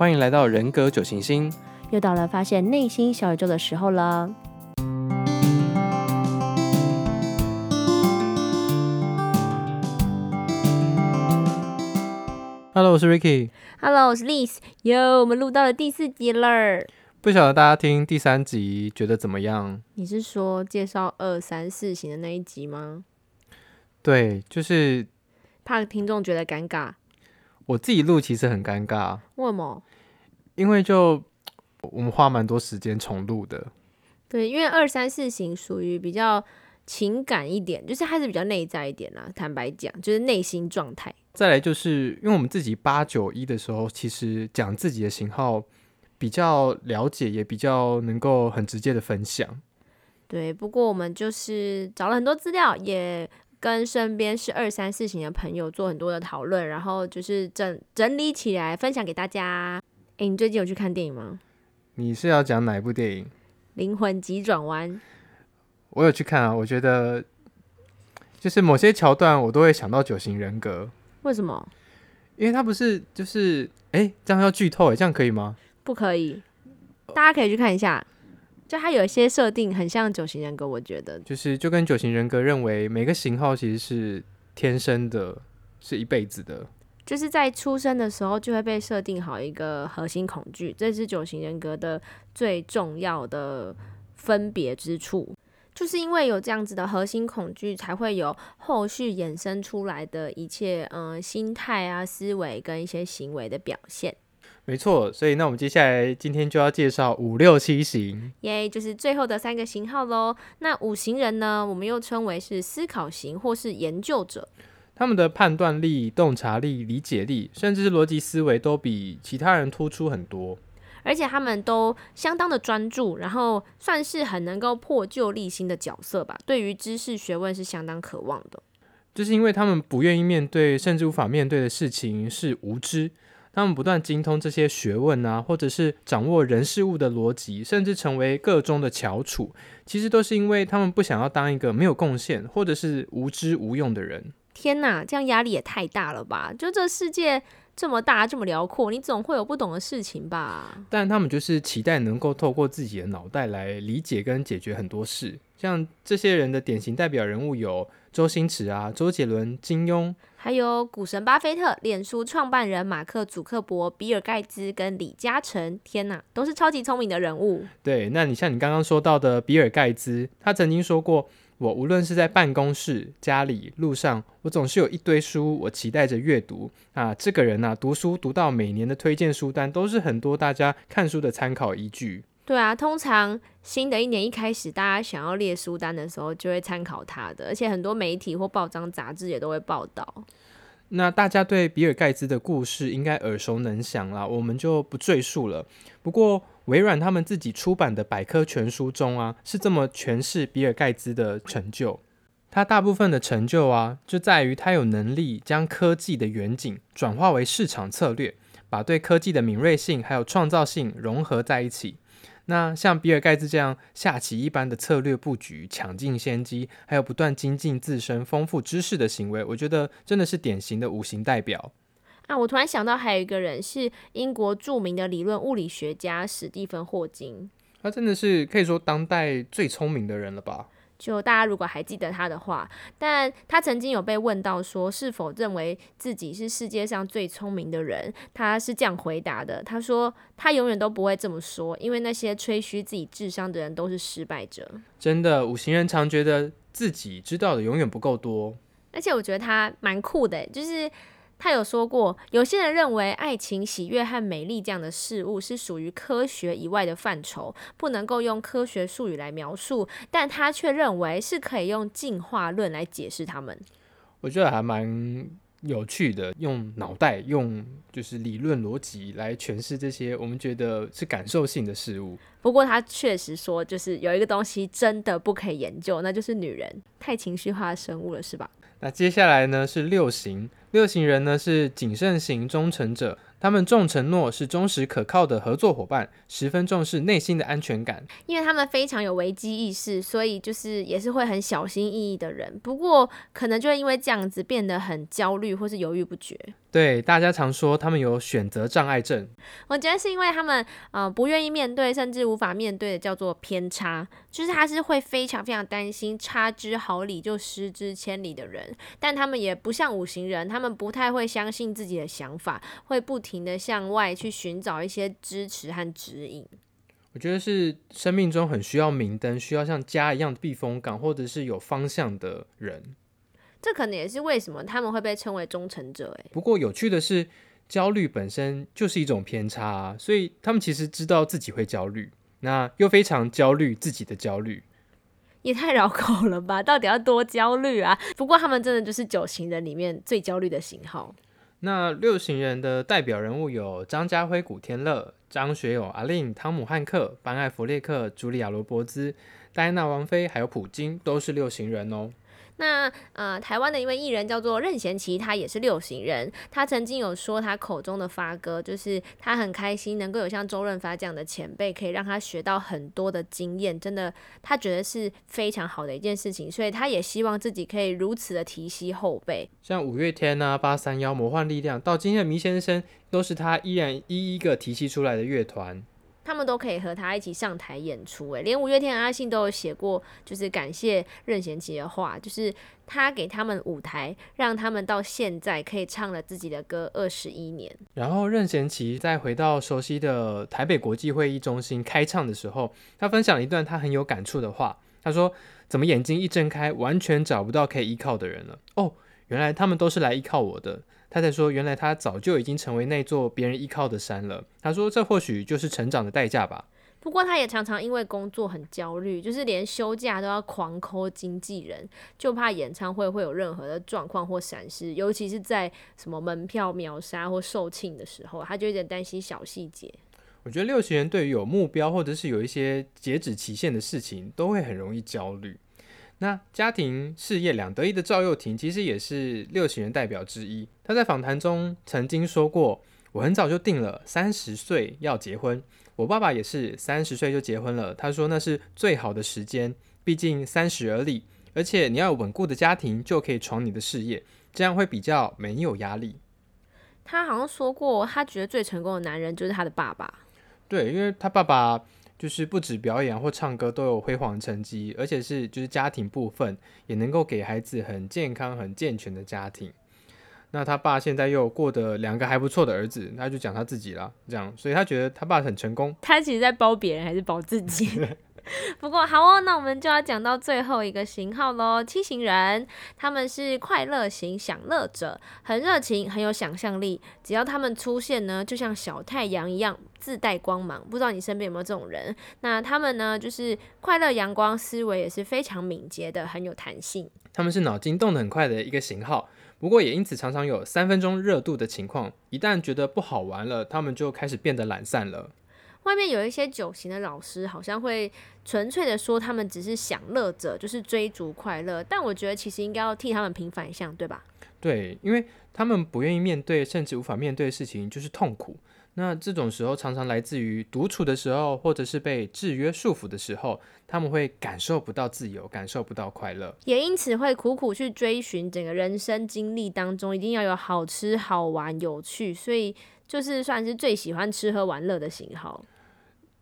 歡迎來到人格九行星，又到了發現內心小宇宙的時候了。Hello，我是 Ricky。Hello，我是 Liz。喲，我們錄到了第四集了。不曉得大家聽第三集覺得怎麼樣？你是說介紹二三四型的那一集嗎？對，就是怕聽眾覺得尷尬。我自己錄其實很尷尬。為什麼？因為就我們花蠻多時間重錄的，對，因為二三四型屬於比較情感一點，就是還是比較內在一點啦、啊。坦白講，就是內心狀態。再來就是因為我們自己八九一的時候，其實講自己的型號比較了解，也比較能夠很直接的分享。對，不過我們就是找了很多資料，也跟身邊是二三四型的朋友做很多的討論，然後就是整整理起來分享給大家。哎，你最近有去看電影嗎？你是要講哪一部電影？《靈魂急轉彎》。我有去看啊，我覺得就是某些橋段，我都會想到九型人格。為什麼？因為它不是就是哎，這樣要劇透哎，這樣可以嗎？不可以，大家可以去看一下。就它有一些設定很像九型人格，我覺得就是就跟九型人格認為每個型號其實是天生的，是一輩子的。就是在出生的時候就會被設定好一個核心恐懼，這是九型人格的最重要的分別之處。就是因為有這樣子的核心恐懼，才會有後續衍生出來的一切，嗯，心態啊、思維跟一些行為的表現。沒錯，所以那我們接下來今天就要介紹五六七型，耶，yeah, 就是最後的三個型號嘍。那五型人呢，我們又稱為是思考型或是研究者。他們的判斷力、洞察力、理解力，甚至是邏輯思維，都比其他人突出很多。而且他們都相當的專注，然後算是很能夠破舊立新的角色吧。對於知識學問是相當渴望的。就是因為他們不願意面對，甚至無法面對的事情是無知。他們不斷精通這些學問啊，或者是掌握人事物的邏輯，甚至成為個中的翹楚。其實都是因為他們不想要當一個沒有貢獻，或者是無知無用的人。天吶，這樣壓力也太大了吧！就這世界這麼大，這麼遼闊，你總會有不懂的事情吧？但他們就是期待能夠透過自己的腦袋來理解跟解決很多事。像這些人的典型代表人物有周星馳啊、周杰倫、金庸，還有股神巴菲特、臉書創辦人馬克·祖克伯、比爾蓋茲跟李嘉誠。天吶，都是超級聰明的人物。對，那你像你剛剛說到的比爾蓋茲，他曾經說過。我無論是在辦公室、家裡、路上，我總是有一堆書，我期待着閱讀。啊，這個人吶，啊，讀書讀到每年的推薦書單，都是很多大家看書的參考依據。對啊，通常新的一年一開始，大家想要列書單的時候，就會參考他的，而且很多媒體或報章雜誌也都會報道。那大家對比爾蓋茨的故事應該耳熟能詳啦，我們就不贅述了。不過微軟他們自己出版的百科全書中啊，是這麼詮釋比爾蓋茨的成就：他大部分的成就啊，就在於他有能力將科技的遠景轉化為市場策略，把對科技的敏銳性還有創造性融合在一起。那像比爾蓋茨這樣下棋一般的策略布局、搶盡先機，還有不斷精進自身、豐富知識的行為，我覺得真的是典型的五型代表啊！我突然想到，還有一個人是英國著名的理論物理學家史蒂芬·霍金，他真的是可以說當代最聰明的人了吧？就大家如果還記得他的話，但他曾經有被問到說是否認為自己是世界上最聰明的人，他是這樣回答的：他說他永遠都不會這麼說，因為那些吹噓自己智商的人都是失敗者。真的，五型人常覺得自己知道的永遠不夠多，而且我覺得他蠻酷的，就是。他有說過，有些人認為愛情、喜悅和美麗這樣的事物是屬於科學以外的範疇，不能夠用科學術語來描述。但他卻認為是可以用進化論來解釋他們。我覺得還蠻有趣的，用腦袋、用就是理論邏輯來詮釋這些我們覺得是感受性的事物。不過他確實說，就是有一個東西真的不可以研究，那就是女人，太情緒化的生物了，是吧？那接下來呢是六型，六型人呢是謹慎型忠誠者。他們重承諾，是忠實可靠的合作夥伴，十分重視內心的安全感。因為他們非常有危機意識，所以就是也是會很小心翼翼的人。不過，可能就會因為這樣子變得很焦慮或是猶豫不決。對，大家常說他們有選擇障礙症。我覺得是因為他們啊、呃、不願意面對，甚至無法面對的叫做偏差，就是他是會非常非常擔心差之毫釐就失之千里的人。但他們也不像五型人，他們不太會相信自己的想法，會不停。不停的向外去尋找一些支持和指引，我覺得是生命中很需要明燈，需要像家一樣的避風港，或者是有方向的人。這可能也是為什麼他們會被稱為忠誠者。哎，不過有趣的是，焦慮本身就是一種偏差，啊，所以他們其實知道自己會焦慮，那又非常焦慮自己的焦慮，也太繞口了吧？到底要多焦慮啊？不過他們真的就是九型人裡面最焦慮的型號。那六型人的代表人物有張家輝、古天樂、張學友阿、阿令、湯姆漢克、班艾弗列克、茱莉亞羅伯茲、戴安娜王妃，還有普京，都是六型人哦。那呃、，臺灣的一位藝人叫做任賢齊，他也是六型人。他曾經有說，他口中的發哥就是他很開心能夠有像周潤發這樣的前輩，可以讓他學到很多的經驗，真的他覺得是非常好的一件事情。所以他也希望自己可以如此的提攜後輩，像五月天啊、八三夭、魔幻力量、到今天的麋先生，都是他依然一一個提攜出來的樂團。他們都可以和他一起上台演出，誒，連五月天、阿信都有寫過，就是感謝任賢齊的話，就是他給他們舞台，讓他們到現在可以唱了自己的歌二十一年。然後任賢齊再回到熟悉的台北國際會議中心開唱的時候，他分享了一段他很有感觸的話，他說：“怎麼眼睛一睜開，完全找不到可以依靠的人了？哦，原來他們都是來依靠我的。”他在說，原來他早就已經成為那座別人依靠的山了。他說，這或許就是成長的代價吧。不過，他也常常因為工作很焦慮，就是連休假都要狂摳經紀人，就怕演唱會會有任何的狀況或閃失，尤其是在什麼門票秒殺或售罄的時候，他就有點擔心小細節。我覺得六型人對於有目標或者是有一些截止期限的事情，都會很容易焦慮。那家庭事業兩得意的趙又廷，其實也是六型人代表之一。他在訪談中曾經說過：“我很早就定了三十歲要結婚，我爸爸也是三十歲就結婚了。他說那是最好的時間，畢竟三十而立，而且你要有穩固的家庭就可以闖你的事業，這樣會比較沒有壓力。”他好像說過，他覺得最成功的男人就是他的爸爸。對，因為他爸爸。就是不止表演或唱歌，都有輝煌成績，而且是就是家庭部分也能夠給孩子很健康很健全的家庭。那他爸現在又過得兩個還不錯的兒子，他就講他自己了，這樣，所以他覺得他爸很成功。他其實在褒別人還是褒自己？ 不過好哦，那我們就要講到最後一個型號嘍。七型人，他們是快樂型享樂者，很熱情，很有想象力。只要他們出現呢，就像小太陽一樣，自帶光芒。不知道你身邊有沒有這種人？那他們呢，就是快樂陽光，思維也是非常敏捷的，很有彈性。他們是腦筋動得很快的一個型號，不過也因此常常有三分鐘熱度的情況。一旦覺得不好玩了，他們就開始變得懶散了。外面有一些九型的老師，好像會純粹的說他們只是享樂者，就是追逐快樂。但我覺得其實應該要替他們平反一下，對吧？對，因為他們不願意面對，甚至無法面對的事情就是痛苦。那這種時候常常來自於獨處的時候，或者是被制約束縛的時候，他們會感受不到自由，感受不到快樂，也因此會苦苦去追尋整個人生經歷當中一定要有好吃好玩有趣，所以，就是算是最喜歡吃喝玩樂的型號。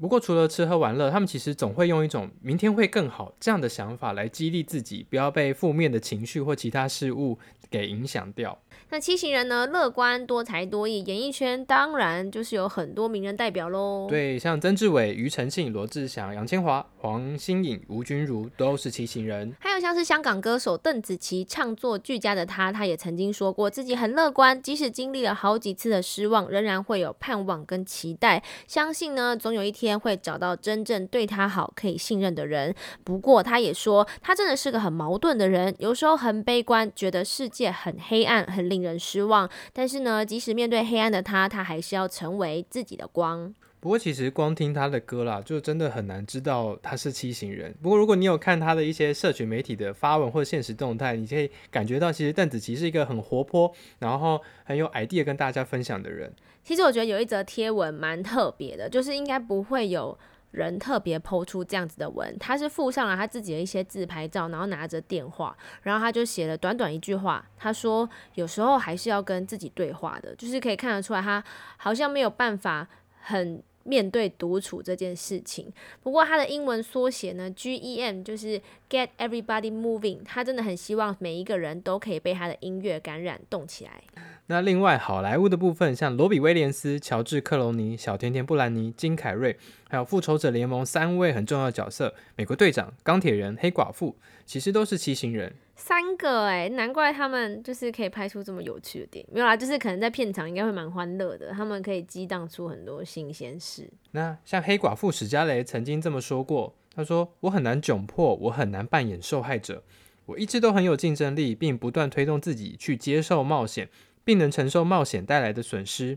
不過除了吃喝玩樂，他們其實總會用一種“明天會更好”這樣的想法來激勵自己，不要被負面的情緒或其他事物給影響掉。那七型人呢？樂觀、多才多藝，演藝圈當然就是有很多名人代表嘍。對，像曾志偉、庾澄慶、羅志祥、楊千嬅、黃心穎、吳君如都是七型人。還有像是香港歌手鄧紫棋，唱作俱佳的她，她也曾經說過自己很樂觀，即使經歷了好幾次的失望，仍然會有盼望跟期待，相信呢，總有一天會找到真正對她好、可以信任的人。不過她也說，她真的是個很矛盾的人，有時候很悲觀，覺得世。界很黑暗，很令人失望。但是呢，即使面對黑暗的他，他還是要成為自己的光。不過，其實光聽他的歌啦，就真的很難知道他是七型人。不過，如果你有看他的一些社群媒體的發文或限時動態，你可以感覺到，其實鄧紫棋是一個很活潑，然後很有 idea 跟大家分享的人。其實我覺得有一則貼文蠻特別的，就是應該不會有。人特別 PO 出這樣子的文，他是附上了他自己的一些自拍照，然後拿着電話，然後他就寫了短短一句話，他說有時候還是要跟自己對話的，就是可以看得出來他好像沒有辦法很面對獨處這件事情。不過他的英文縮寫呢，GEM，就是。Get everybody moving！他真的很希望每一個人都可以被他的音樂感染，動起來。那另外好萊塢的部分，像羅比威廉斯、喬治克隆尼、小甜甜布蘭妮、金凱瑞，還有復仇者聯盟三位很重要的角色，美國隊長、鋼鐵人、黑寡婦，其實都是七型人。三個哎、欸，難怪他們就是可以拍出這麼有趣的電影。沒有啦，就是可能在片場應該會蠻歡樂的，他們可以激盪出很多新鮮事。那像黑寡婦史嘉蕾曾經這麼說過，她說：“我很難窘迫，我很難扮演受害者，我一直都很有競爭力，並不斷推動自己去接受冒險，並能承受冒險帶來的損失。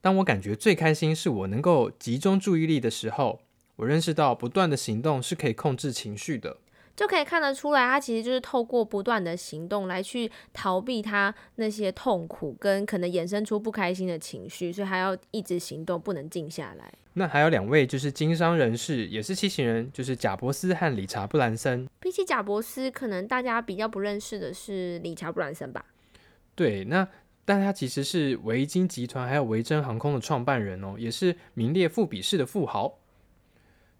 當我感覺最開心，是我能夠集中注意力的時候，我認識到不斷的行動是可以控制情緒的。”就可以看得出來，他其實就是透過不斷的行動來去逃避他那些痛苦跟可能衍生出不開心的情緒，所以他要一直行動，不能靜下來。那還有兩位就是經商人士，也是七型人，就是賈伯斯和理查布蘭森。比起賈伯斯，可能大家比較不認識的是理查布蘭森吧？對，那但他其實是維京集團還有維珍航空的創辦人哦，也是名列富比士的富豪。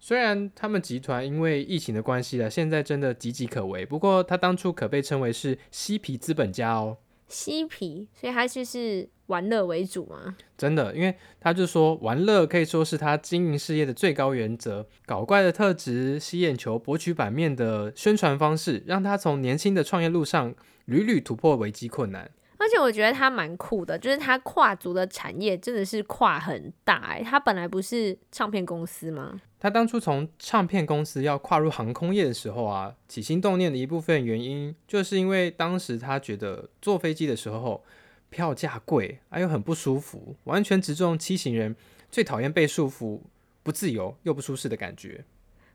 雖然他們集團因為疫情的關係了，現在真的岌岌可危。不過他當初可被稱為是嬉皮資本家哦、喔，嬉皮，所以他就是玩樂為主嘛。真的，因為他就說玩樂可以說是他經營事業的最高原則，搞怪的特質、吸眼球、博取版面的宣傳方式，讓他從年輕的創業路上屢屢突破危機困難。而且我覺得他蠻酷的，就是他跨足的產業真的是跨很大哎、欸。他本來不是唱片公司嗎？他當初從唱片公司要跨入航空業的時候啊，起心動念的一部分原因，就是因為當時他覺得坐飛機的時候票價貴，還、啊、有很不舒服，完全直中七型人最討厭被束縛、不自由又不舒適的感覺。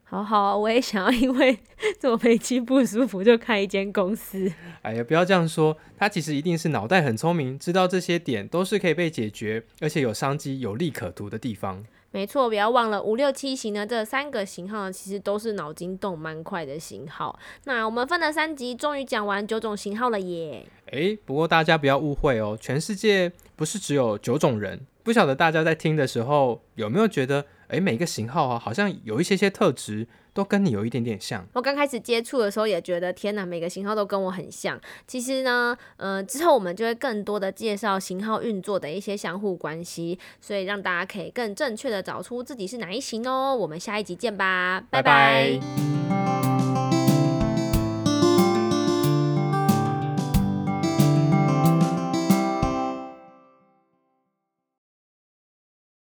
好好，我也想要，因為坐飛機不舒服就開一間公司。哎呀，不要這樣說，他其實一定是腦袋很聰明，知道這些點都是可以被解決，而且有商機、有利可圖的地方。沒錯，不要忘了五六七型呢，這三個型號其實都是腦筋動蠻快的型號。那我們分了三集，終於講完九種型號了耶。哎，不過大家不要誤會哦，全世界不是只有九種人。不曉得大家在聽的時候有沒有覺得？誒，每個型號啊，好像有一些些特質，都跟你有一點點像。我剛開始接觸的時候也覺得，天哪，每個型號都跟我很像。其實呢，嗯、呃，之後我們就會更多的介紹型號運作的一些相互關係，所以讓大家可以更正確的找出自己是哪一型哦。我們下一集見吧，拜拜。拜拜。